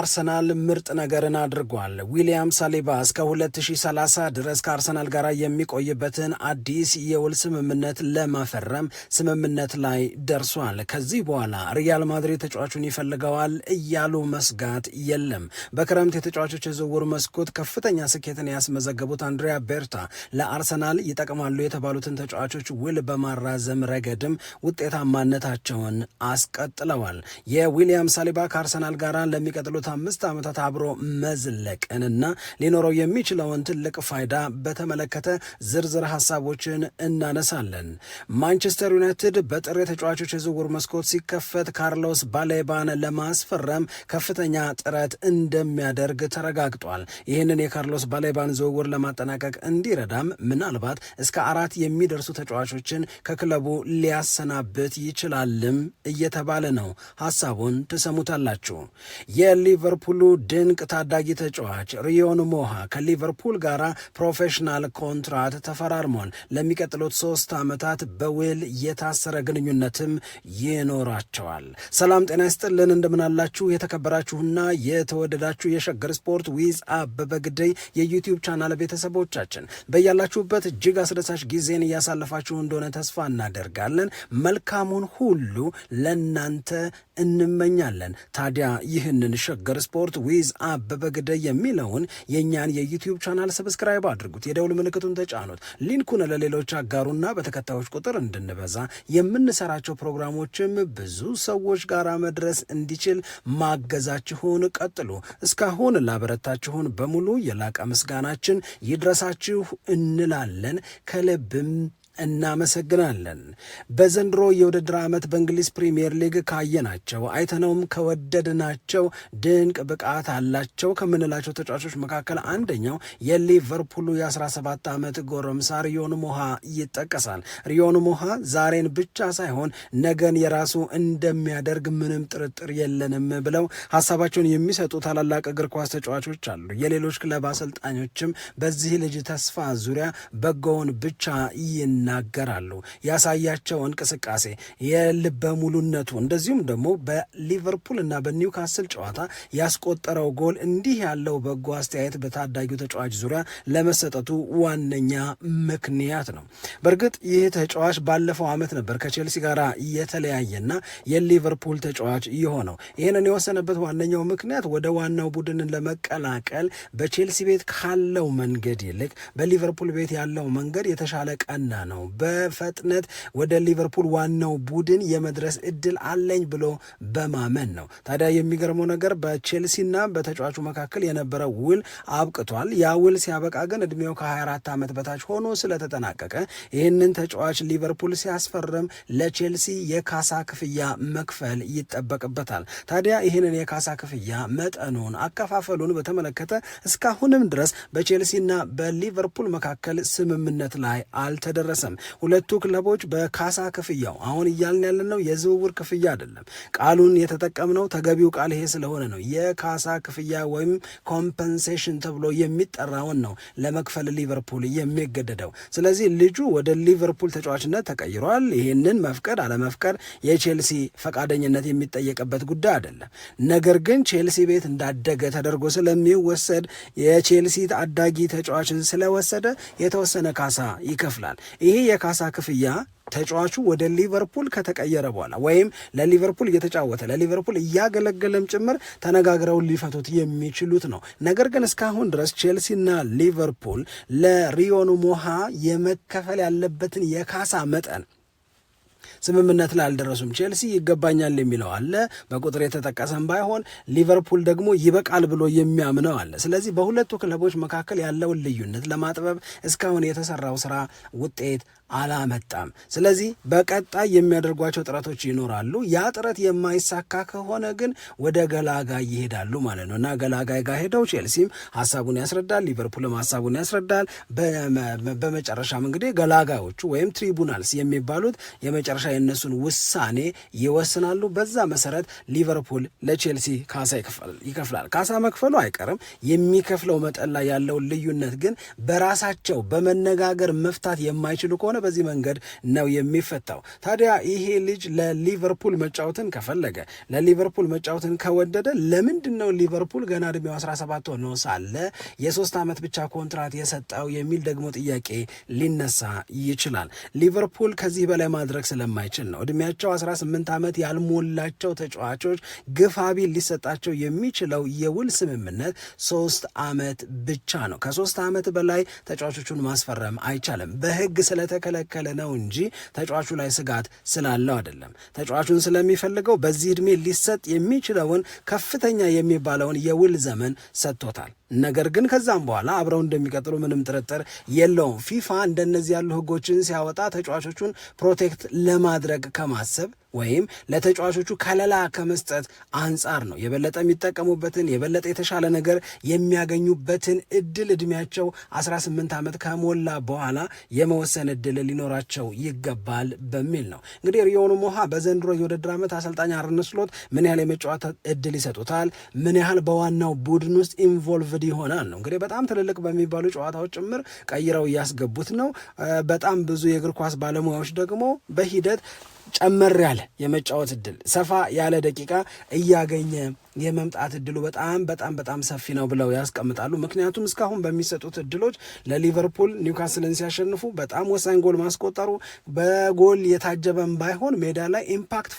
አርሰናል ምርጥ ነገርን አድርጓል። ዊሊያም ሳሊባ እስከ 2030 ድረስ ከአርሰናል ጋር የሚቆይበትን አዲስ የውል ስምምነት ለማፈረም ስምምነት ላይ ደርሷል። ከዚህ በኋላ ሪያል ማድሪድ ተጫዋቹን ይፈልገዋል እያሉ መስጋት የለም። በክረምት የተጫዋቾች የዝውውር መስኮት ከፍተኛ ስኬትን ያስመዘገቡት አንድሪያ ቤርታ ለአርሰናል ይጠቅማሉ የተባሉትን ተጫዋቾች ውል በማራዘም ረገድም ውጤታማነታቸውን አስቀጥለዋል። የዊሊያም ሳሊባ ከአርሰናል ጋር ለሚቀጥሉት አምስት ዓመታት አብሮ መዝለቅንና ሊኖረው የሚችለውን ትልቅ ፋይዳ በተመለከተ ዝርዝር ሀሳቦችን እናነሳለን። ማንቸስተር ዩናይትድ በጥር የተጫዋቾች የዝውውር መስኮት ሲከፈት ካርሎስ ባሌባን ለማስፈረም ከፍተኛ ጥረት እንደሚያደርግ ተረጋግጧል። ይህንን የካርሎስ ባሌባን ዝውውር ለማጠናቀቅ እንዲረዳም ምናልባት እስከ አራት የሚደርሱ ተጫዋቾችን ከክለቡ ሊያሰናብት ይችላልም እየተባለ ነው። ሀሳቡን ትሰሙታላችሁ። የሊቨርፑሉ ድንቅ ታዳጊ ተጫዋች ሪዮን ሞሃ ከሊቨርፑል ጋር ፕሮፌሽናል ኮንትራት ተፈራርሟል። ለሚቀጥሉት ሶስት ዓመታት በውል የታሰረ ግንኙነትም ይኖራቸዋል። ሰላም ጤና ይስጥልን፣ እንደምናላችሁ የተከበራችሁና የተወደዳችሁ የሸገር ስፖርት ዊዝ አበበ ግደይ የዩቲዩብ ቻናል ቤተሰቦቻችን በያላችሁበት እጅግ አስደሳች ጊዜን እያሳለፋችሁ እንደሆነ ተስፋ እናደርጋለን። መልካሙን ሁሉ ለእናንተ እንመኛለን። ታዲያ ይህንን ሸገር ስፖርት ዊዝ አበበ ግደይ የሚለውን የእኛን የዩትዩብ ቻናል ሰብስክራይብ አድርጉት፣ የደውል ምልክቱን ተጫኑት፣ ሊንኩን ለሌሎች አጋሩና በተከታዮች ቁጥር እንድንበዛ የምንሰራቸው ፕሮግራሞችም ብዙ ሰዎች ጋር መድረስ እንዲችል ማገዛችሁን ቀጥሉ። እስካሁን ላበረታችሁን በሙሉ የላቀ ምስጋናችን ይድረሳችሁ እንላለን ከልብም እናመሰግናለን። በዘንድሮ የውድድር ዓመት በእንግሊዝ ፕሪምየር ሊግ ካየናቸው አይተነውም ከወደድናቸው ድንቅ ብቃት አላቸው ከምንላቸው ተጫዋቾች መካከል አንደኛው የሊቨርፑሉ የ17 ዓመት ጎረምሳ ሪዮን ሞሃ ይጠቀሳል። ሪዮን ሞሃ ዛሬን ብቻ ሳይሆን ነገን የራሱ እንደሚያደርግ ምንም ጥርጥር የለንም ብለው ሀሳባቸውን የሚሰጡ ታላላቅ እግር ኳስ ተጫዋቾች አሉ። የሌሎች ክለብ አሰልጣኞችም በዚህ ልጅ ተስፋ ዙሪያ በጎውን ብቻ ይና ይናገራሉ። ያሳያቸው እንቅስቃሴ የልበ ሙሉነቱ፣ እንደዚሁም ደግሞ በሊቨርፑል እና በኒውካስል ጨዋታ ያስቆጠረው ጎል እንዲህ ያለው በጎ አስተያየት በታዳጊው ተጫዋች ዙሪያ ለመሰጠቱ ዋነኛ ምክንያት ነው። በእርግጥ ይህ ተጫዋች ባለፈው ዓመት ነበር ከቼልሲ ጋር የተለያየና የሊቨርፑል ተጫዋች የሆነው። ይህንን የወሰነበት ዋነኛው ምክንያት ወደ ዋናው ቡድንን ለመቀላቀል በቼልሲ ቤት ካለው መንገድ ይልቅ በሊቨርፑል ቤት ያለው መንገድ የተሻለ ቀና ነው። በፍጥነት ወደ ሊቨርፑል ዋናው ቡድን የመድረስ እድል አለኝ ብሎ በማመን ነው። ታዲያ የሚገርመው ነገር በቼልሲና በተጫዋቹ መካከል የነበረው ውል አብቅቷል። ያ ውል ሲያበቃ ግን እድሜው ከ24 ዓመት በታች ሆኖ ስለተጠናቀቀ ይህንን ተጫዋች ሊቨርፑል ሲያስፈርም ለቼልሲ የካሳ ክፍያ መክፈል ይጠበቅበታል። ታዲያ ይህንን የካሳ ክፍያ መጠኑን፣ አከፋፈሉን በተመለከተ እስካሁንም ድረስ በቼልሲና በሊቨርፑል መካከል ስምምነት ላይ አልተደረሰ አልደረሰም። ሁለቱ ክለቦች በካሳ ክፍያው አሁን እያልን ያለነው የዝውውር ክፍያ አይደለም። ቃሉን የተጠቀምነው ተገቢው ቃል ይሄ ስለሆነ ነው። የካሳ ክፍያ ወይም ኮምፐንሴሽን ተብሎ የሚጠራውን ነው ለመክፈል ሊቨርፑል የሚገደደው። ስለዚህ ልጁ ወደ ሊቨርፑል ተጫዋችነት ተቀይሯል። ይህንን መፍቀድ አለመፍቀድ የቼልሲ ፈቃደኝነት የሚጠየቅበት ጉዳይ አይደለም። ነገር ግን ቼልሲ ቤት እንዳደገ ተደርጎ ስለሚወሰድ የቼልሲ አዳጊ ተጫዋችን ስለወሰደ የተወሰነ ካሳ ይከፍላል። ይሄ የካሳ ክፍያ ተጫዋቹ ወደ ሊቨርፑል ከተቀየረ በኋላ ወይም ለሊቨርፑል እየተጫወተ ለሊቨርፑል እያገለገለም ጭምር ተነጋግረው ሊፈቱት የሚችሉት ነው። ነገር ግን እስካሁን ድረስ ቼልሲና ሊቨርፑል ለሪዮን ሞሃ የመከፈል ያለበትን የካሳ መጠን ስምምነት ላይ አልደረሱም። ቼልሲ ይገባኛል የሚለው አለ፣ በቁጥር የተጠቀሰም ባይሆን ሊቨርፑል ደግሞ ይበቃል ብሎ የሚያምነው አለ። ስለዚህ በሁለቱ ክለቦች መካከል ያለውን ልዩነት ለማጥበብ እስካሁን የተሰራው ስራ ውጤት አላመጣም። ስለዚህ በቀጣይ የሚያደርጓቸው ጥረቶች ይኖራሉ። ያ ጥረት የማይሳካ ከሆነ ግን ወደ ገላጋይ ይሄዳሉ ማለት ነው እና ገላጋይ ጋር ሄደው ቼልሲም ሀሳቡን ያስረዳል፣ ሊቨርፑልም ሀሳቡን ያስረዳል። በመጨረሻም እንግዲህ ገላጋዮቹ ወይም ትሪቡናልስ የሚባሉት የመጨረሻ የእነሱን ውሳኔ ይወስናሉ። በዛ መሰረት ሊቨርፑል ለቼልሲ ካሳ ይከፍላል። ካሳ መክፈሉ አይቀርም። የሚከፍለው መጠን ላይ ያለውን ልዩነት ግን በራሳቸው በመነጋገር መፍታት የማይችሉ ከሆነ በዚህ መንገድ ነው የሚፈታው። ታዲያ ይሄ ልጅ ለሊቨርፑል መጫወትን ከፈለገ ለሊቨርፑል መጫወትን ከወደደ ለምንድን ነው ሊቨርፑል ገና እድሜው 17 ሆኖ ሳለ የሶስት ዓመት ብቻ ኮንትራት የሰጠው የሚል ደግሞ ጥያቄ ሊነሳ ይችላል። ሊቨርፑል ከዚህ በላይ ማድረግ ስለማ የማይችል ነው። እድሜያቸው 18 ዓመት ያልሞላቸው ተጫዋቾች ግፋቢ ሊሰጣቸው የሚችለው የውል ስምምነት ሶስት ዓመት ብቻ ነው። ከሶስት ዓመት በላይ ተጫዋቾቹን ማስፈረም አይቻልም። በህግ ስለተከለከለ ነው እንጂ ተጫዋቹ ላይ ስጋት ስላለው አይደለም። ተጫዋቹን ስለሚፈልገው በዚህ እድሜ ሊሰጥ የሚችለውን ከፍተኛ የሚባለውን የውል ዘመን ሰጥቶታል። ነገር ግን ከዛም በኋላ አብረው እንደሚቀጥሉ ምንም ጥርጥር የለውም። ፊፋ እንደነዚህ ያሉ ህጎችን ሲያወጣ ተጫዋቾቹን ፕሮቴክት ለማ ለማድረግ ከማሰብ ወይም ለተጫዋቾቹ ከለላ ከመስጠት አንጻር ነው የበለጠ የሚጠቀሙበትን የበለጠ የተሻለ ነገር የሚያገኙበትን እድል እድሜያቸው 18 ዓመት ከሞላ በኋላ የመወሰን እድል ሊኖራቸው ይገባል በሚል ነው። እንግዲህ ሪዮኑ ሞሃ በዘንድሮ የውድድር ዓመት አሰልጣኝ አርነ ስሎት ምን ያህል የመጫወት እድል ይሰጡታል፣ ምን ያህል በዋናው ቡድን ውስጥ ኢንቮልቭድ ይሆናል ነው እንግዲህ በጣም ትልልቅ በሚባሉ ጨዋታዎች ጭምር ቀይረው እያስገቡት ነው። በጣም ብዙ የእግር ኳስ ባለሙያዎች ደግሞ በሂደት ጨመር ያለ የመጫወት እድል ሰፋ ያለ ደቂቃ እያገኘ የመምጣት እድሉ በጣም በጣም በጣም ሰፊ ነው ብለው ያስቀምጣሉ። ምክንያቱም እስካሁን በሚሰጡት እድሎች ለሊቨርፑል ኒውካስልን ሲያሸንፉ በጣም ወሳኝ ጎል ማስቆጠሩ በጎል የታጀበን ባይሆን ሜዳ ላይ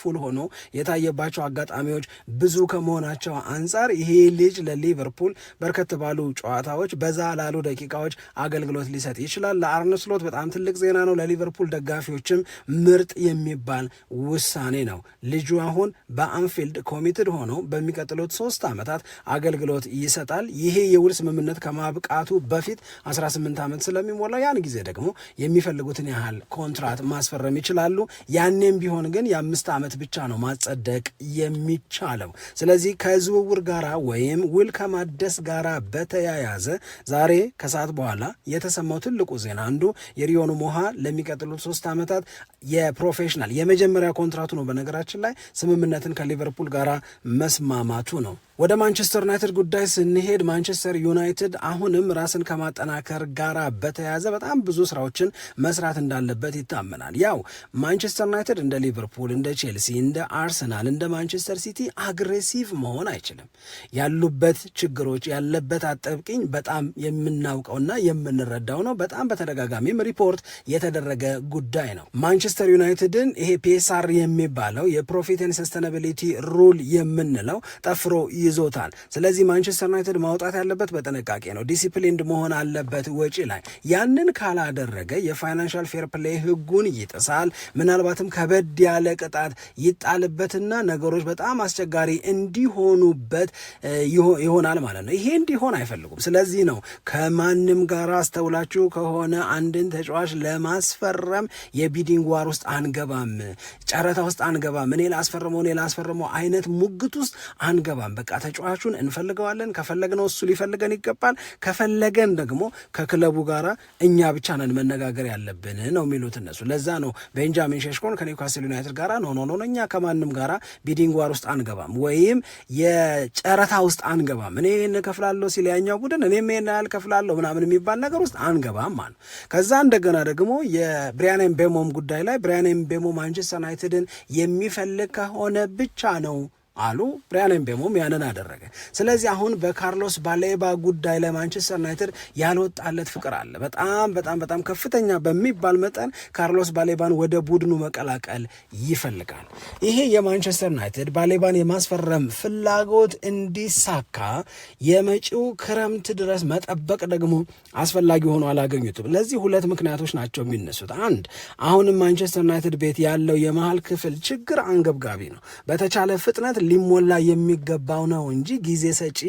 ፉል ሆኖ የታየባቸው አጋጣሚዎች ብዙ ከመሆናቸው አንጻር ይሄ ልጅ ለሊቨርፑል በርከት ባሉ ጨዋታዎች በዛ ላሉ ደቂቃዎች አገልግሎት ሊሰጥ ይችላል። ለአርነ ስሎት በጣም ትልቅ ዜና ነው። ለሊቨርፑል ደጋፊዎችም ምርጥ የሚባል ውሳኔ ነው። ልጁ አሁን በአንፊልድ ኮሚትድ ሆኖ በሚቀ ለሚቀጥሉት ሶስት ዓመታት አገልግሎት ይሰጣል። ይሄ የውል ስምምነት ከማብቃቱ በፊት 18 ዓመት ስለሚሞላ ያን ጊዜ ደግሞ የሚፈልጉትን ያህል ኮንትራት ማስፈረም ይችላሉ። ያኔም ቢሆን ግን የአምስት ዓመት ብቻ ነው ማጸደቅ የሚቻለው። ስለዚህ ከዝውውር ጋራ ወይም ውል ከማደስ ጋራ በተያያዘ ዛሬ ከሰዓት በኋላ የተሰማው ትልቁ ዜና አንዱ የሪዮኑ ሞሃ ለሚቀጥሉት ሶስት ዓመታት የፕሮፌሽናል የመጀመሪያ ኮንትራቱ ነው። በነገራችን ላይ ስምምነትን ከሊቨርፑል ጋራ መስማማ ማቱ ነው። ወደ ማንቸስተር ዩናይትድ ጉዳይ ስንሄድ ማንቸስተር ዩናይትድ አሁንም ራስን ከማጠናከር ጋር በተያያዘ በጣም ብዙ ስራዎችን መስራት እንዳለበት ይታመናል። ያው ማንቸስተር ዩናይትድ እንደ ሊቨርፑል፣ እንደ ቼልሲ፣ እንደ አርሰናል፣ እንደ ማንቸስተር ሲቲ አግሬሲቭ መሆን አይችልም። ያሉበት ችግሮች ያለበት አጠብቅኝ በጣም የምናውቀውና የምንረዳው ነው። በጣም በተደጋጋሚም ሪፖርት የተደረገ ጉዳይ ነው። ማንቸስተር ዩናይትድን ይሄ ፒኤስአር የሚባለው የፕሮፊትን ሰስተናቢሊቲ ሩል የምንለው ጠፍሮ ይዞታል። ስለዚህ ማንቸስተር ዩናይትድ ማውጣት ያለበት በጥንቃቄ ነው። ዲሲፕሊንድ መሆን አለበት ወጪ ላይ። ያንን ካላደረገ የፋይናንሻል ፌር ፕሌይ ህጉን ይጥሳል። ምናልባትም ከበድ ያለ ቅጣት ይጣልበትና ነገሮች በጣም አስቸጋሪ እንዲሆኑበት ይሆናል ማለት ነው። ይሄ እንዲሆን አይፈልጉም። ስለዚህ ነው ከማንም ጋር አስተውላችሁ ከሆነ አንድን ተጫዋች ለማስፈረም የቢዲንግ ዋር ውስጥ አንገባም፣ ጨረታ ውስጥ አንገባም፣ እኔ ላስፈርመው እኔ ላስፈርመው አይነት ሙግት ውስጥ አንገባም። በቃ ተጫዋቹን እንፈልገዋለን። ከፈለግነው እሱ ሊፈልገን ይገባል። ከፈለገን ደግሞ ከክለቡ ጋራ እኛ ብቻ ነን መነጋገር ያለብን ነው የሚሉት እነሱ። ለዛ ነው ቤንጃሚን ሸሽኮን ከኒውካስል ዩናይትድ ጋራ ኖ ኖ ኖ እኛ ከማንም ጋራ ቢዲንግ ዋር ውስጥ አንገባም፣ ወይም የጨረታ ውስጥ አንገባም። እኔ ይህን ከፍላለሁ ሲል ያኛው ቡድን እኔም ይህን ያህል ከፍላለሁ ምናምን የሚባል ነገር ውስጥ አንገባም ማለት ከዛ እንደገና ደግሞ የብሪያን ኤምቤሞም ጉዳይ ላይ ብሪያን ኤምቤሞ ማንቸስተር ዩናይትድን የሚፈልግ ከሆነ ብቻ ነው አሉ። ብሪያን ምቤሞም ያንን አደረገ። ስለዚህ አሁን በካርሎስ ባሌባ ጉዳይ ለማንቸስተር ዩናይትድ ያልወጣለት ፍቅር አለ። በጣም በጣም በጣም ከፍተኛ በሚባል መጠን ካርሎስ ባሌባን ወደ ቡድኑ መቀላቀል ይፈልጋል። ይሄ የማንቸስተር ዩናይትድ ባሌባን የማስፈረም ፍላጎት እንዲሳካ የመጪው ክረምት ድረስ መጠበቅ ደግሞ አስፈላጊ ሆኖ አላገኙትም። ለዚህ ሁለት ምክንያቶች ናቸው የሚነሱት። አንድ አሁንም ማንቸስተር ዩናይትድ ቤት ያለው የመሀል ክፍል ችግር አንገብጋቢ ነው። በተቻለ ፍጥነት ሊሞላ የሚገባው ነው እንጂ ጊዜ ሰጪ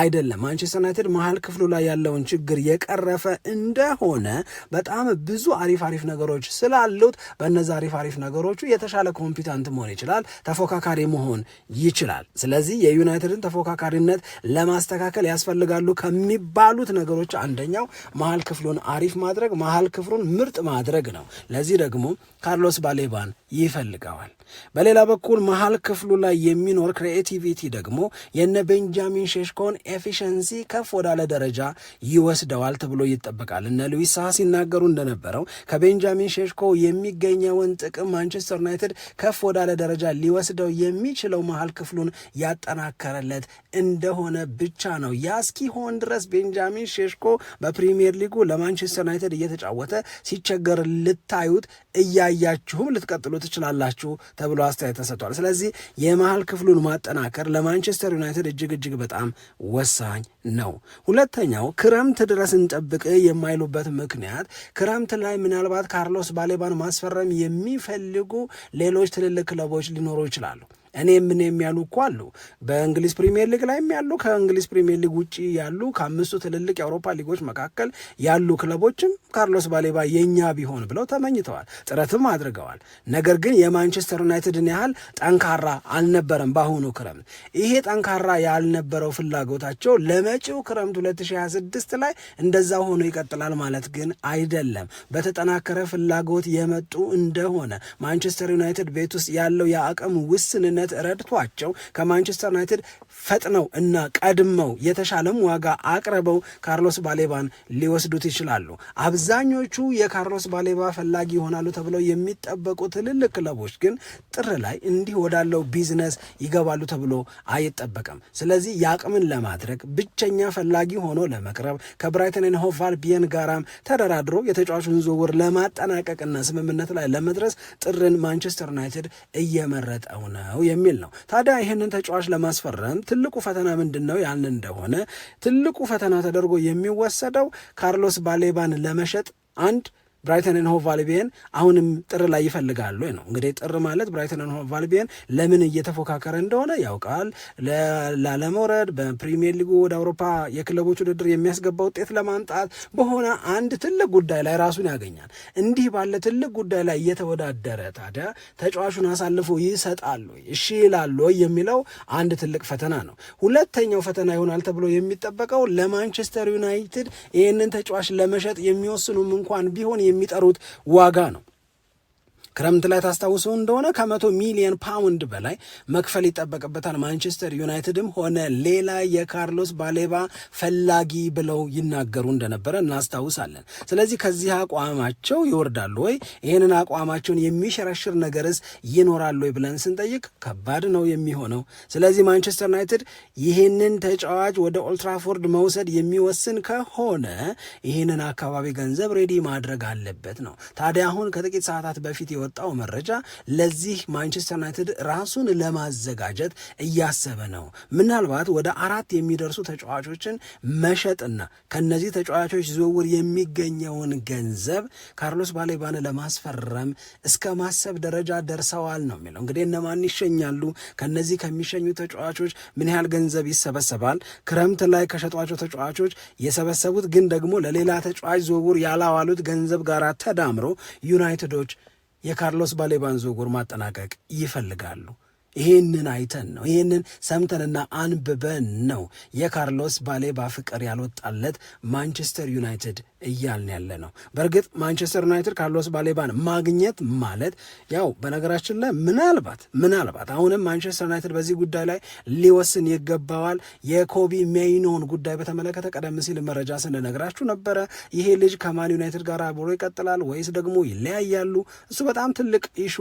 አይደለም። ማንቸስተር ዩናይትድ መሀል ክፍሉ ላይ ያለውን ችግር የቀረፈ እንደሆነ በጣም ብዙ አሪፍ አሪፍ ነገሮች ስላሉት በእነዚ አሪፍ አሪፍ ነገሮቹ የተሻለ ኮምፒታንት መሆን ይችላል፣ ተፎካካሪ መሆን ይችላል። ስለዚህ የዩናይትድን ተፎካካሪነት ለማስተካከል ያስፈልጋሉ ከሚባሉት ነገሮች አንደኛው መሀል ክፍሉን አሪፍ ማድረግ፣ መሀል ክፍሉን ምርጥ ማድረግ ነው። ለዚህ ደግሞ ካርሎስ ባሌባን ይፈልገዋል። በሌላ በኩል መሀል ክፍሉ ላይ የሚ ሲኖር ክሬኤቲቪቲ ደግሞ የነ ቤንጃሚን ሼሽኮን ኤፊሽንሲ ከፍ ወዳለ ደረጃ ይወስደዋል ተብሎ ይጠበቃል። እነ ሉዊስ ሳ ሲናገሩ እንደነበረው ከቤንጃሚን ሼሽኮ የሚገኘውን ጥቅም ማንቸስተር ዩናይትድ ከፍ ወዳለ ደረጃ ሊወስደው የሚችለው መሀል ክፍሉን ያጠናከረለት እንደሆነ ብቻ ነው። ያ እስኪሆን ድረስ ቤንጃሚን ሼሽኮ በፕሪሚየር ሊጉ ለማንቸስተር ዩናይትድ እየተጫወተ ሲቸገር ልታዩት እያያችሁም ልትቀጥሉ ትችላላችሁ ተብሎ አስተያየት ተሰጥቷል። ስለዚህ የመሀል ክፍሉ ክፍሉን ማጠናከር ለማንቸስተር ዩናይትድ እጅግ እጅግ በጣም ወሳኝ ነው። ሁለተኛው ክረምት ድረስ እንጠብቅ የማይሉበት ምክንያት ክረምት ላይ ምናልባት ካርሎስ ባሌባን ማስፈረም የሚፈልጉ ሌሎች ትልልቅ ክለቦች ሊኖሩ ይችላሉ። እኔ ምን የሚያሉ እኮ አሉ። በእንግሊዝ ፕሪሚየር ሊግ ላይም ያሉ ከእንግሊዝ ፕሪሚየር ሊግ ውጭ ያሉ ከአምስቱ ትልልቅ የአውሮፓ ሊጎች መካከል ያሉ ክለቦችም ካርሎስ ባሌባ የኛ ቢሆን ብለው ተመኝተዋል፣ ጥረትም አድርገዋል። ነገር ግን የማንቸስተር ዩናይትድን ያህል ጠንካራ አልነበረም በአሁኑ ክረምት። ይሄ ጠንካራ ያልነበረው ፍላጎታቸው ለመጪው ክረምት 2026 ላይ እንደዛ ሆኖ ይቀጥላል ማለት ግን አይደለም። በተጠናከረ ፍላጎት የመጡ እንደሆነ ማንቸስተር ዩናይትድ ቤት ውስጥ ያለው የአቅም ውስንነት መሪነት ረድቷቸው ከማንቸስተር ዩናይትድ ፈጥነው እና ቀድመው የተሻለም ዋጋ አቅርበው ካርሎስ ባሌባን ሊወስዱት ይችላሉ። አብዛኞቹ የካርሎስ ባሌባ ፈላጊ ይሆናሉ ተብለው የሚጠበቁ ትልልቅ ክለቦች ግን ጥር ላይ እንዲህ ወዳለው ቢዝነስ ይገባሉ ተብሎ አይጠበቅም። ስለዚህ የአቅምን ለማድረግ ብቸኛ ፈላጊ ሆኖ ለመቅረብ ከብራይተንን ሆቫል ቢየን ጋራም ተደራድሮ የተጫዋቹን ዝውውር ለማጠናቀቅና ስምምነት ላይ ለመድረስ ጥርን ማንቸስተር ዩናይትድ እየመረጠው ነው የሚል ነው። ታዲያ ይህንን ተጫዋች ለማስፈረም ትልቁ ፈተና ምንድን ነው ያልን እንደሆነ ትልቁ ፈተና ተደርጎ የሚወሰደው ካርሎስ ባሌባን ለመሸጥ አንድ ብራይተንን ሆቭ አልቢየን አሁንም ጥር ላይ ይፈልጋሉ ነው እንግዲህ። ጥር ማለት ብራይተንን ሆቭ አልቢየን ለምን እየተፎካከረ እንደሆነ ያውቃል። ላለመውረድ በፕሪሚየር ሊጉ ወደ አውሮፓ የክለቦች ውድድር የሚያስገባ ውጤት ለማምጣት በሆነ አንድ ትልቅ ጉዳይ ላይ ራሱን ያገኛል። እንዲህ ባለ ትልቅ ጉዳይ ላይ እየተወዳደረ ታዲያ ተጫዋቹን አሳልፎ ይሰጣሉ እሺ ይላሉ የሚለው አንድ ትልቅ ፈተና ነው። ሁለተኛው ፈተና ይሆናል ተብሎ የሚጠበቀው ለማንቸስተር ዩናይትድ ይህንን ተጫዋች ለመሸጥ የሚወስኑም እንኳን ቢሆን የሚጠሩት ዋጋ ነው። ክረምት ላይ ታስታውሰው እንደሆነ ከመቶ ሚሊዮን ፓውንድ በላይ መክፈል ይጠበቅበታል። ማንቸስተር ዩናይትድም ሆነ ሌላ የካርሎስ ባሌባ ፈላጊ ብለው ይናገሩ እንደነበረ እናስታውሳለን። ስለዚህ ከዚህ አቋማቸው ይወርዳሉ ወይ? ይህንን አቋማቸውን የሚሸረሽር ነገርስ ይኖራሉ ወይ ብለን ስንጠይቅ ከባድ ነው የሚሆነው። ስለዚህ ማንቸስተር ዩናይትድ ይህንን ተጫዋች ወደ ኦልትራፎርድ መውሰድ የሚወስን ከሆነ ይህንን አካባቢ ገንዘብ ሬዲ ማድረግ አለበት ነው። ታዲያ አሁን ከጥቂት ሰዓታት በፊት የወጣው መረጃ ለዚህ ማንቸስተር ዩናይትድ ራሱን ለማዘጋጀት እያሰበ ነው። ምናልባት ወደ አራት የሚደርሱ ተጫዋቾችን መሸጥና ከነዚህ ተጫዋቾች ዝውውር የሚገኘውን ገንዘብ ካርሎስ ባሌባን ለማስፈረም እስከ ማሰብ ደረጃ ደርሰዋል ነው የሚለው። እንግዲህ እነማን ይሸኛሉ? ከነዚህ ከሚሸኙ ተጫዋቾች ምን ያህል ገንዘብ ይሰበሰባል? ክረምት ላይ ከሸጧቸው ተጫዋቾች የሰበሰቡት ግን ደግሞ ለሌላ ተጫዋች ዝውውር ያላዋሉት ገንዘብ ጋር ተዳምሮ ዩናይትዶች የካርሎስ ባሌባንዞ ጎል ማጠናቀቅ ይፈልጋሉ። ይህንን አይተን ነው ይህንን ሰምተንና አንብበን ነው የካርሎስ ባሌባ ፍቅር ያልወጣለት ማንቸስተር ዩናይትድ እያልን ያለ ነው። በእርግጥ ማንቸስተር ዩናይትድ ካርሎስ ባሌባን ማግኘት ማለት ያው በነገራችን ላይ ምናልባት ምናልባት አሁንም ማንቸስተር ዩናይትድ በዚህ ጉዳይ ላይ ሊወስን ይገባዋል። የኮቢ ሜይኖን ጉዳይ በተመለከተ ቀደም ሲል መረጃ ስንነግራችሁ ነበረ። ይሄ ልጅ ከማን ዩናይትድ ጋር አብሮ ይቀጥላል ወይስ ደግሞ ይለያያሉ? እሱ በጣም ትልቅ ኢሹ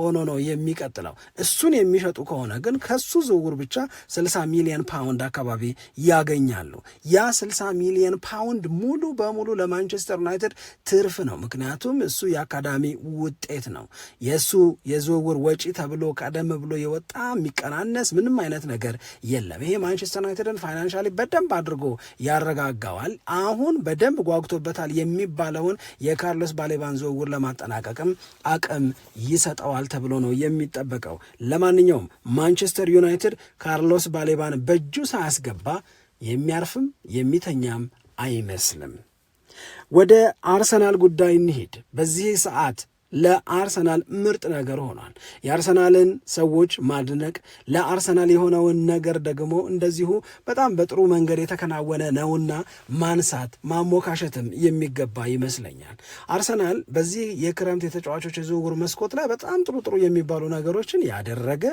ሆኖ ነው የሚቀጥለው እሱን የሚ የሚሸጡ ከሆነ ግን ከሱ ዝውውር ብቻ 60 ሚሊዮን ፓውንድ አካባቢ ያገኛሉ። ያ 60 ሚሊዮን ፓውንድ ሙሉ በሙሉ ለማንቸስተር ዩናይትድ ትርፍ ነው። ምክንያቱም እሱ የአካዳሚ ውጤት ነው። የእሱ የዝውውር ወጪ ተብሎ ቀደም ብሎ የወጣ የሚቀናነስ ምንም አይነት ነገር የለም። ይሄ ማንቸስተር ዩናይትድን ፋይናንሻሊ በደንብ አድርጎ ያረጋጋዋል። አሁን በደንብ ጓጉቶበታል የሚባለውን የካርሎስ ባሌባን ዝውውር ለማጠናቀቅም አቅም ይሰጠዋል ተብሎ ነው የሚጠበቀው። ለማንኛውም ለማንኛውም ማንቸስተር ዩናይትድ ካርሎስ ባሌባን በእጁ ሳያስገባ የሚያርፍም የሚተኛም አይመስልም። ወደ አርሰናል ጉዳይ እንሂድ። በዚህ ሰዓት ለአርሰናል ምርጥ ነገር ሆኗል። የአርሰናልን ሰዎች ማድነቅ ለአርሰናል የሆነውን ነገር ደግሞ እንደዚሁ በጣም በጥሩ መንገድ የተከናወነ ነውና ማንሳት ማሞካሸትም የሚገባ ይመስለኛል። አርሰናል በዚህ የክረምት የተጫዋቾች የዝውውር መስኮት ላይ በጣም ጥሩ ጥሩ የሚባሉ ነገሮችን ያደረገ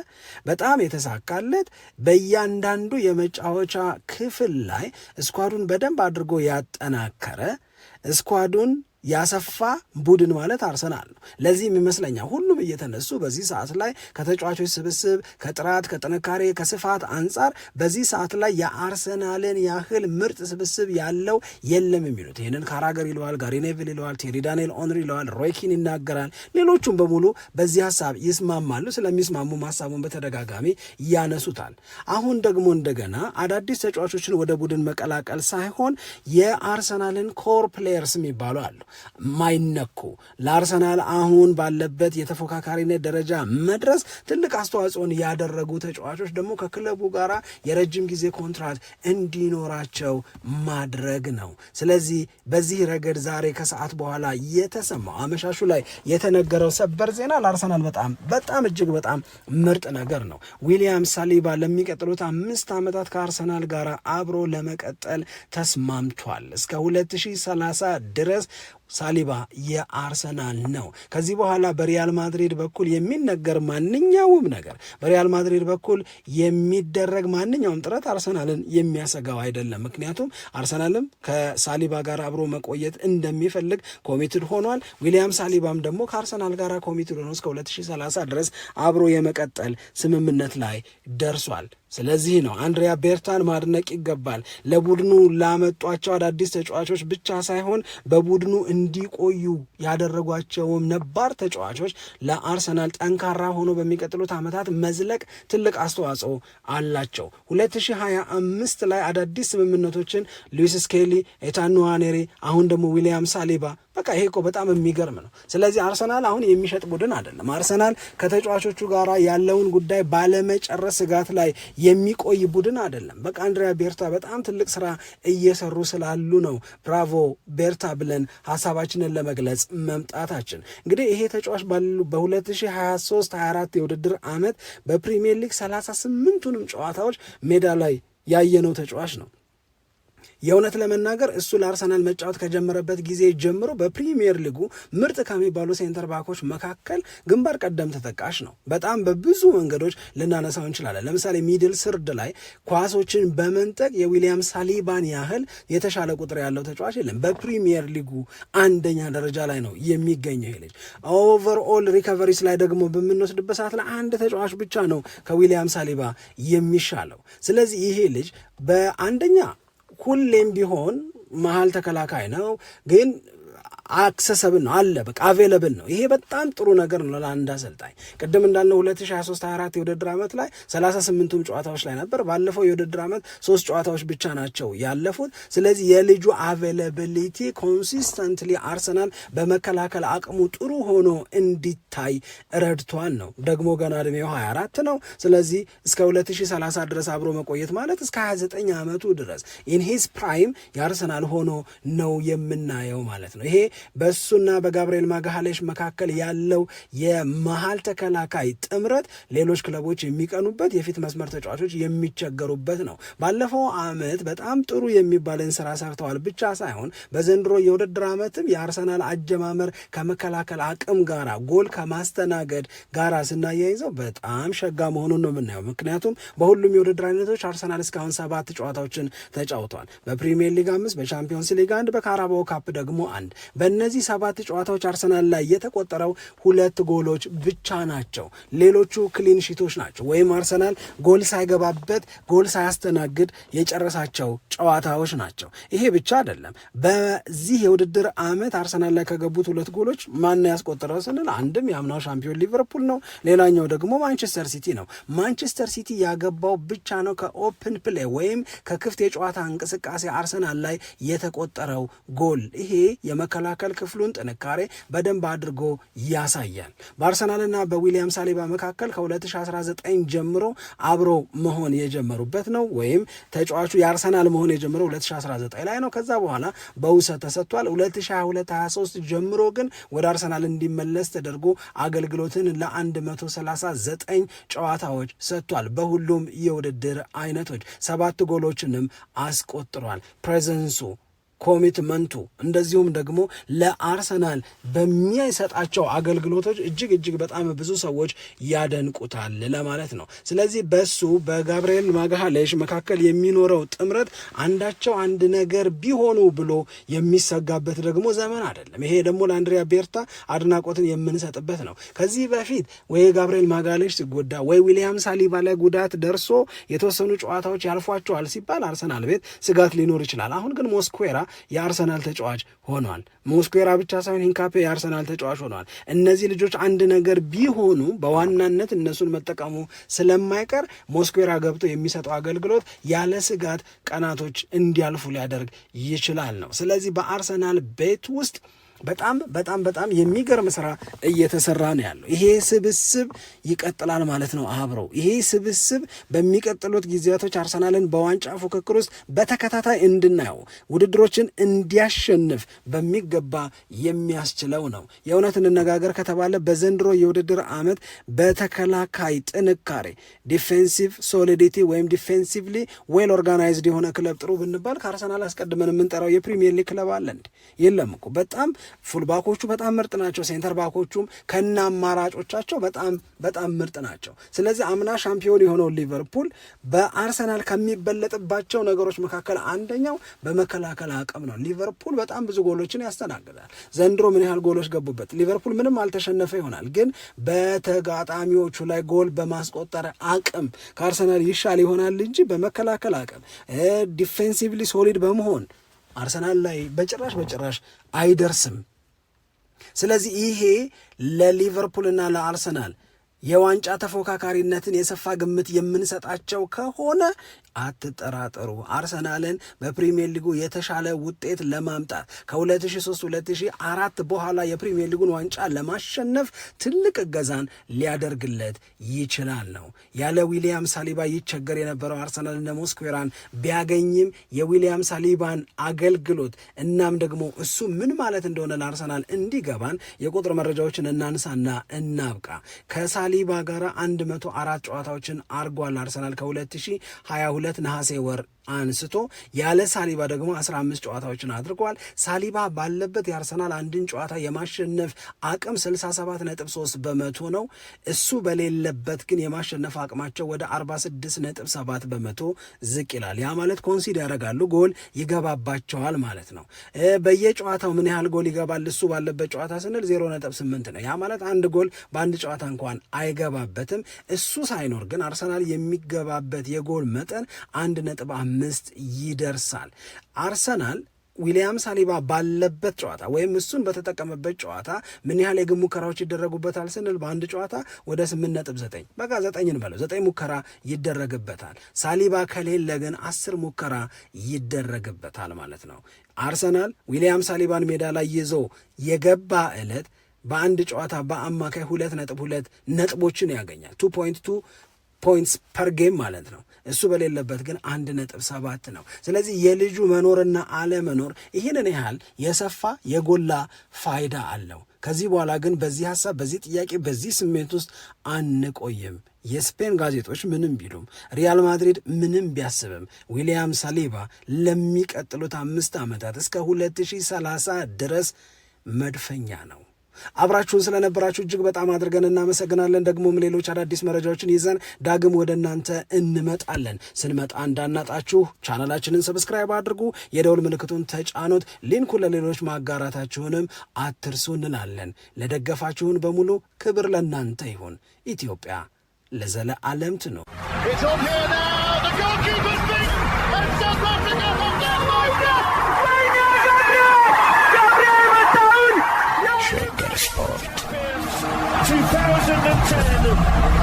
በጣም የተሳካለት በእያንዳንዱ የመጫወቻ ክፍል ላይ እስኳዱን በደንብ አድርጎ ያጠናከረ እስኳዱን። ያሰፋ ቡድን ማለት አርሰናል ነው። ለዚህ የሚመስለኛ ሁሉም እየተነሱ በዚህ ሰዓት ላይ ከተጫዋቾች ስብስብ፣ ከጥራት፣ ከጥንካሬ፣ ከስፋት አንጻር በዚህ ሰዓት ላይ የአርሰናልን ያህል ምርጥ ስብስብ ያለው የለም የሚሉት ይህንን ካራገር ይለዋል፣ ጋሪ ኔቪል ይለዋል፣ ቴሪ ዳንኤል ኦንሪ ይለዋል፣ ሮይኪን ይናገራል። ሌሎቹም በሙሉ በዚህ ሀሳብ ይስማማሉ። ስለሚስማሙ ሀሳቡን በተደጋጋሚ ያነሱታል። አሁን ደግሞ እንደገና አዳዲስ ተጫዋቾችን ወደ ቡድን መቀላቀል ሳይሆን የአርሰናልን ኮር ፕሌየርስ የሚባሉ አሉ ማይነኩ ለአርሰናል አሁን ባለበት የተፎካካሪነት ደረጃ መድረስ ትልቅ አስተዋጽኦን ያደረጉ ተጫዋቾች ደግሞ ከክለቡ ጋር የረጅም ጊዜ ኮንትራት እንዲኖራቸው ማድረግ ነው። ስለዚህ በዚህ ረገድ ዛሬ ከሰዓት በኋላ የተሰማው አመሻሹ ላይ የተነገረው ሰበር ዜና ለአርሰናል በጣም በጣም እጅግ በጣም ምርጥ ነገር ነው። ዊሊያም ሳሊባ ለሚቀጥሉት አምስት ዓመታት ከአርሰናል ጋር አብሮ ለመቀጠል ተስማምቷል እስከ 2030 ድረስ ሳሊባ የአርሰናል ነው። ከዚህ በኋላ በሪያል ማድሪድ በኩል የሚነገር ማንኛውም ነገር፣ በሪያል ማድሪድ በኩል የሚደረግ ማንኛውም ጥረት አርሰናልን የሚያሰጋው አይደለም። ምክንያቱም አርሰናልም ከሳሊባ ጋር አብሮ መቆየት እንደሚፈልግ ኮሚትድ ሆኗል። ዊሊያም ሳሊባም ደግሞ ከአርሰናል ጋር ኮሚትድ ሆኖ እስከ 2030 ድረስ አብሮ የመቀጠል ስምምነት ላይ ደርሷል። ስለዚህ ነው አንድሪያ ቤርታን ማድነቅ ይገባል። ለቡድኑ ላመጧቸው አዳዲስ ተጫዋቾች ብቻ ሳይሆን በቡድኑ እንዲቆዩ ያደረጓቸውም ነባር ተጫዋቾች ለአርሰናል ጠንካራ ሆኖ በሚቀጥሉት ዓመታት መዝለቅ ትልቅ አስተዋጽኦ አላቸው። 2025 ላይ አዳዲስ ስምምነቶችን ሉዊስ ስኬሊ፣ ኤታን ንዋኔሪ፣ አሁን ደግሞ ዊሊያም ሳሊባ በቃ ይሄ እኮ በጣም የሚገርም ነው። ስለዚህ አርሰናል አሁን የሚሸጥ ቡድን አይደለም። አርሰናል ከተጫዋቾቹ ጋር ያለውን ጉዳይ ባለመጨረስ ስጋት ላይ የሚቆይ ቡድን አይደለም። በቃ አንድሪያ ቤርታ በጣም ትልቅ ስራ እየሰሩ ስላሉ ነው ብራቮ ቤርታ ብለን ሀሳባችንን ለመግለጽ መምጣታችን። እንግዲህ ይሄ ተጫዋች ባሉ በ2023 24 የውድድር ዓመት በፕሪሚየር ሊግ 38ቱንም ጨዋታዎች ሜዳ ላይ ያየነው ተጫዋች ነው። የእውነት ለመናገር እሱ ለአርሰናል መጫወት ከጀመረበት ጊዜ ጀምሮ በፕሪሚየር ሊጉ ምርጥ ከሚባሉ ሴንተር ባኮች መካከል ግንባር ቀደም ተጠቃሽ ነው። በጣም በብዙ መንገዶች ልናነሳው እንችላለን። ለምሳሌ ሚድል ስርድ ላይ ኳሶችን በመንጠቅ የዊሊያም ሳሊባን ያህል የተሻለ ቁጥር ያለው ተጫዋች የለም። በፕሪሚየር ሊጉ አንደኛ ደረጃ ላይ ነው የሚገኘው ይሄ ልጅ። ኦቨርኦል ሪከቨሪስ ላይ ደግሞ በምንወስድበት ሰዓት ላይ አንድ ተጫዋች ብቻ ነው ከዊሊያም ሳሊባ የሚሻለው። ስለዚህ ይሄ ልጅ በአንደኛ ሁሌም ቢሆን መሀል ተከላካይ ነው ግን አክሰሰብል ነው አለ በቃ አቬለብል ነው። ይሄ በጣም ጥሩ ነገር ነው ለአንድ አሰልጣኝ። ቅድም እንዳልነው 2023/24 የውድድር ዓመት ላይ 38ቱም ጨዋታዎች ላይ ነበር። ባለፈው የውድድር ዓመት ሶስት ጨዋታዎች ብቻ ናቸው ያለፉት። ስለዚህ የልጁ አቬለብሊቲ ኮንሲስተንትሊ አርሰናል በመከላከል አቅሙ ጥሩ ሆኖ እንዲታይ ረድቷን ነው። ደግሞ ገና ዕድሜው 24 ነው። ስለዚህ እስከ 2030 ድረስ አብሮ መቆየት ማለት እስከ 29 ዓመቱ ድረስ ኢንሂስ ፕራይም የአርሰናል ሆኖ ነው የምናየው ማለት ነው ይሄ በእሱና በጋብርኤል ማጋሃሌሽ መካከል ያለው የመሀል ተከላካይ ጥምረት ሌሎች ክለቦች የሚቀኑበት የፊት መስመር ተጫዋቾች የሚቸገሩበት ነው። ባለፈው ዓመት በጣም ጥሩ የሚባልን ስራ ሰርተዋል ብቻ ሳይሆን በዘንድሮ የውድድር ዓመትም የአርሰናል አጀማመር ከመከላከል አቅም ጋራ ጎል ከማስተናገድ ጋራ ስናያይዘው በጣም ሸጋ መሆኑን ነው የምናየው። ምክንያቱም በሁሉም የውድድር አይነቶች አርሰናል እስካሁን ሰባት ጨዋታዎችን ተጫውቷል። በፕሪሚየር ሊግ አምስት፣ በቻምፒዮንስ ሊግ አንድ፣ በካራባው ካፕ ደግሞ አንድ በእነዚህ ሰባት ጨዋታዎች አርሰናል ላይ የተቆጠረው ሁለት ጎሎች ብቻ ናቸው። ሌሎቹ ክሊን ሺቶች ናቸው፣ ወይም አርሰናል ጎል ሳይገባበት ጎል ሳያስተናግድ የጨረሳቸው ጨዋታዎች ናቸው። ይሄ ብቻ አይደለም። በዚህ የውድድር ዓመት አርሰናል ላይ ከገቡት ሁለት ጎሎች ማነው ያስቆጠረው ስንል አንድም የአምናው ሻምፒዮን ሊቨርፑል ነው፣ ሌላኛው ደግሞ ማንቸስተር ሲቲ ነው። ማንቸስተር ሲቲ ያገባው ብቻ ነው ከኦፕን ፕሌ ወይም ከክፍት የጨዋታ እንቅስቃሴ አርሰናል ላይ የተቆጠረው ጎል ይሄ የመከላ የመከላከል ክፍሉን ጥንካሬ በደንብ አድርጎ ያሳያል። በአርሰናልና በዊሊያም ሳሌባ መካከል ከ2019 ጀምሮ አብሮ መሆን የጀመሩበት ነው። ወይም ተጫዋቹ የአርሰናል መሆን የጀመረው 2019 ላይ ነው። ከዛ በኋላ በውሰት ተሰጥቷል። 2022/23 ጀምሮ ግን ወደ አርሰናል እንዲመለስ ተደርጎ አገልግሎትን ለ139 ጨዋታዎች ሰጥቷል። በሁሉም የውድድር አይነቶች ሰባት ጎሎችንም አስቆጥሯል። ፕሬዘንሱ ኮሚትመንቱ እንደዚሁም ደግሞ ለአርሰናል በሚሰጣቸው አገልግሎቶች እጅግ እጅግ በጣም ብዙ ሰዎች ያደንቁታል ለማለት ነው። ስለዚህ በሱ በጋብርኤል ማግሃሌሽ መካከል የሚኖረው ጥምረት አንዳቸው አንድ ነገር ቢሆኑ ብሎ የሚሰጋበት ደግሞ ዘመን አይደለም። ይሄ ደግሞ ለአንድሪያ ቤርታ አድናቆትን የምንሰጥበት ነው። ከዚህ በፊት ወይ ጋብርኤል ማግሃሌሽ ሲጎዳ ወይ ዊሊያም ሳሊባ ላይ ጉዳት ደርሶ የተወሰኑ ጨዋታዎች ያልፏቸዋል ሲባል አርሰናል ቤት ስጋት ሊኖር ይችላል። አሁን ግን ሞስኩዌራ የአርሰናል ተጫዋች ሆኗል። ሞስኩዌራ ብቻ ሳይሆን ሂንካፔ የአርሰናል ተጫዋች ሆኗል። እነዚህ ልጆች አንድ ነገር ቢሆኑ በዋናነት እነሱን መጠቀሙ ስለማይቀር ሞስኩዌራ ገብቶ የሚሰጠው አገልግሎት ያለ ስጋት ቀናቶች እንዲያልፉ ሊያደርግ ይችላል ነው። ስለዚህ በአርሰናል ቤት ውስጥ በጣም በጣም በጣም የሚገርም ስራ እየተሰራ ነው ያለው። ይሄ ስብስብ ይቀጥላል ማለት ነው። አብረው ይሄ ስብስብ በሚቀጥሉት ጊዜያቶች አርሰናልን በዋንጫ ፉክክር ውስጥ በተከታታይ እንድናየው ውድድሮችን እንዲያሸንፍ በሚገባ የሚያስችለው ነው። የእውነት እንነጋገር ከተባለ በዘንድሮ የውድድር ዓመት በተከላካይ ጥንካሬ ዲፌንሲቭ ሶሊዲቲ ወይም ዲፌንሲቭሊ ዌል ኦርጋናይዝድ የሆነ ክለብ ጥሩ ብንባል ከአርሰናል አስቀድመን የምንጠራው የፕሪሚየር ሊግ ክለብ አለ እንዴ? የለም እኮ በጣም ፉልባኮቹ በጣም ምርጥ ናቸው። ሴንተር ባኮቹም ከነ አማራጮቻቸው በጣም በጣም ምርጥ ናቸው። ስለዚህ አምና ሻምፒዮን የሆነው ሊቨርፑል በአርሰናል ከሚበለጥባቸው ነገሮች መካከል አንደኛው በመከላከል አቅም ነው። ሊቨርፑል በጣም ብዙ ጎሎችን ያስተናግዳል። ዘንድሮ ምን ያህል ጎሎች ገቡበት? ሊቨርፑል ምንም አልተሸነፈ ይሆናል፣ ግን በተጋጣሚዎቹ ላይ ጎል በማስቆጠር አቅም ከአርሰናል ይሻል ይሆናል እንጂ በመከላከል አቅም ዲፌንሲቭሊ ሶሊድ በመሆን አርሰናል ላይ በጭራሽ በጭራሽ አይደርስም። ስለዚህ ይሄ ለሊቨርፑልና ለአርሰናል የዋንጫ ተፎካካሪነትን የሰፋ ግምት የምንሰጣቸው ከሆነ አትጠራጠሩ። አርሰናልን በፕሪሚየር ሊጉ የተሻለ ውጤት ለማምጣት ከ2003-2004 በኋላ የፕሪሚየር ሊጉን ዋንጫ ለማሸነፍ ትልቅ እገዛን ሊያደርግለት ይችላል ነው። ያለ ዊሊያም ሳሊባ ይቸገር የነበረው አርሰናል እነ ሞስኩዌራን ቢያገኝም የዊሊያም ሳሊባን አገልግሎት እናም ደግሞ እሱ ምን ማለት እንደሆነ ለአርሰናል እንዲገባን የቁጥር መረጃዎችን እናንሳና እናብቃ። ከሳሊባ ጋር 104 ጨዋታዎችን አርጓል አርሰናል ከ2022 ሁለት ነሐሴ ወር አንስቶ ያለ ሳሊባ ደግሞ 15 ጨዋታዎችን አድርጓል። ሳሊባ ባለበት የአርሰናል አንድን ጨዋታ የማሸነፍ አቅም 3 በመቶ ነው። እሱ በሌለበት ግን የማሸነፍ አቅማቸው ወደ 46 ነጥብ 7 በመቶ ዝቅ ይላል። ያ ማለት ኮንሲድ ያደርጋሉ፣ ጎል ይገባባቸዋል ማለት ነው። በየጨዋታው ምን ያህል ጎል ይገባል እሱ ባለበት ጨዋታ ስንል 8 ነው። ያ ማለት አንድ ጎል በአንድ ጨዋታ እንኳን አይገባበትም። እሱ ሳይኖር ግን አርሰናል የሚገባበት የጎል መጠን አንድ 1.5 አምስት ይደርሳል። አርሰናል ዊሊያም ሳሊባ ባለበት ጨዋታ ወይም እሱን በተጠቀመበት ጨዋታ ምን ያህል የግብ ሙከራዎች ይደረጉበታል ስንል በአንድ ጨዋታ ወደ ስምንት ነጥብ ዘጠኝ በቃ ዘጠኝን በለው ዘጠኝ ሙከራ ይደረግበታል። ሳሊባ ከሌለ ግን አስር ሙከራ ይደረግበታል ማለት ነው። አርሰናል ዊሊያም ሳሊባን ሜዳ ላይ ይዞ የገባ ዕለት በአንድ ጨዋታ በአማካይ ሁለት ነጥብ ሁለት ነጥቦችን ያገኛል ቱ ፖይንት ቱ ፖይንትስ ፐር ጌም ማለት ነው። እሱ በሌለበት ግን አንድ ነጥብ ሰባት ነው። ስለዚህ የልጁ መኖርና አለመኖር ይህንን ያህል የሰፋ የጎላ ፋይዳ አለው። ከዚህ በኋላ ግን በዚህ ሀሳብ፣ በዚህ ጥያቄ፣ በዚህ ስሜት ውስጥ አንቆይም። የስፔን ጋዜጦች ምንም ቢሉም ሪያል ማድሪድ ምንም ቢያስብም ዊሊያም ሳሊባ ለሚቀጥሉት አምስት ዓመታት እስከ 2030 ድረስ መድፈኛ ነው። አብራችሁን ስለነበራችሁ እጅግ በጣም አድርገን እናመሰግናለን። ደግሞም ሌሎች አዳዲስ መረጃዎችን ይዘን ዳግም ወደ እናንተ እንመጣለን። ስንመጣ እንዳናጣችሁ ቻናላችንን ሰብስክራይብ አድርጉ፣ የደውል ምልክቱን ተጫኑት፣ ሊንኩን ለሌሎች ማጋራታችሁንም አትርሱ እንላለን። ለደገፋችሁን በሙሉ ክብር ለእናንተ ይሁን። ኢትዮጵያ ለዘለዓለም ትኑር። Washington 10.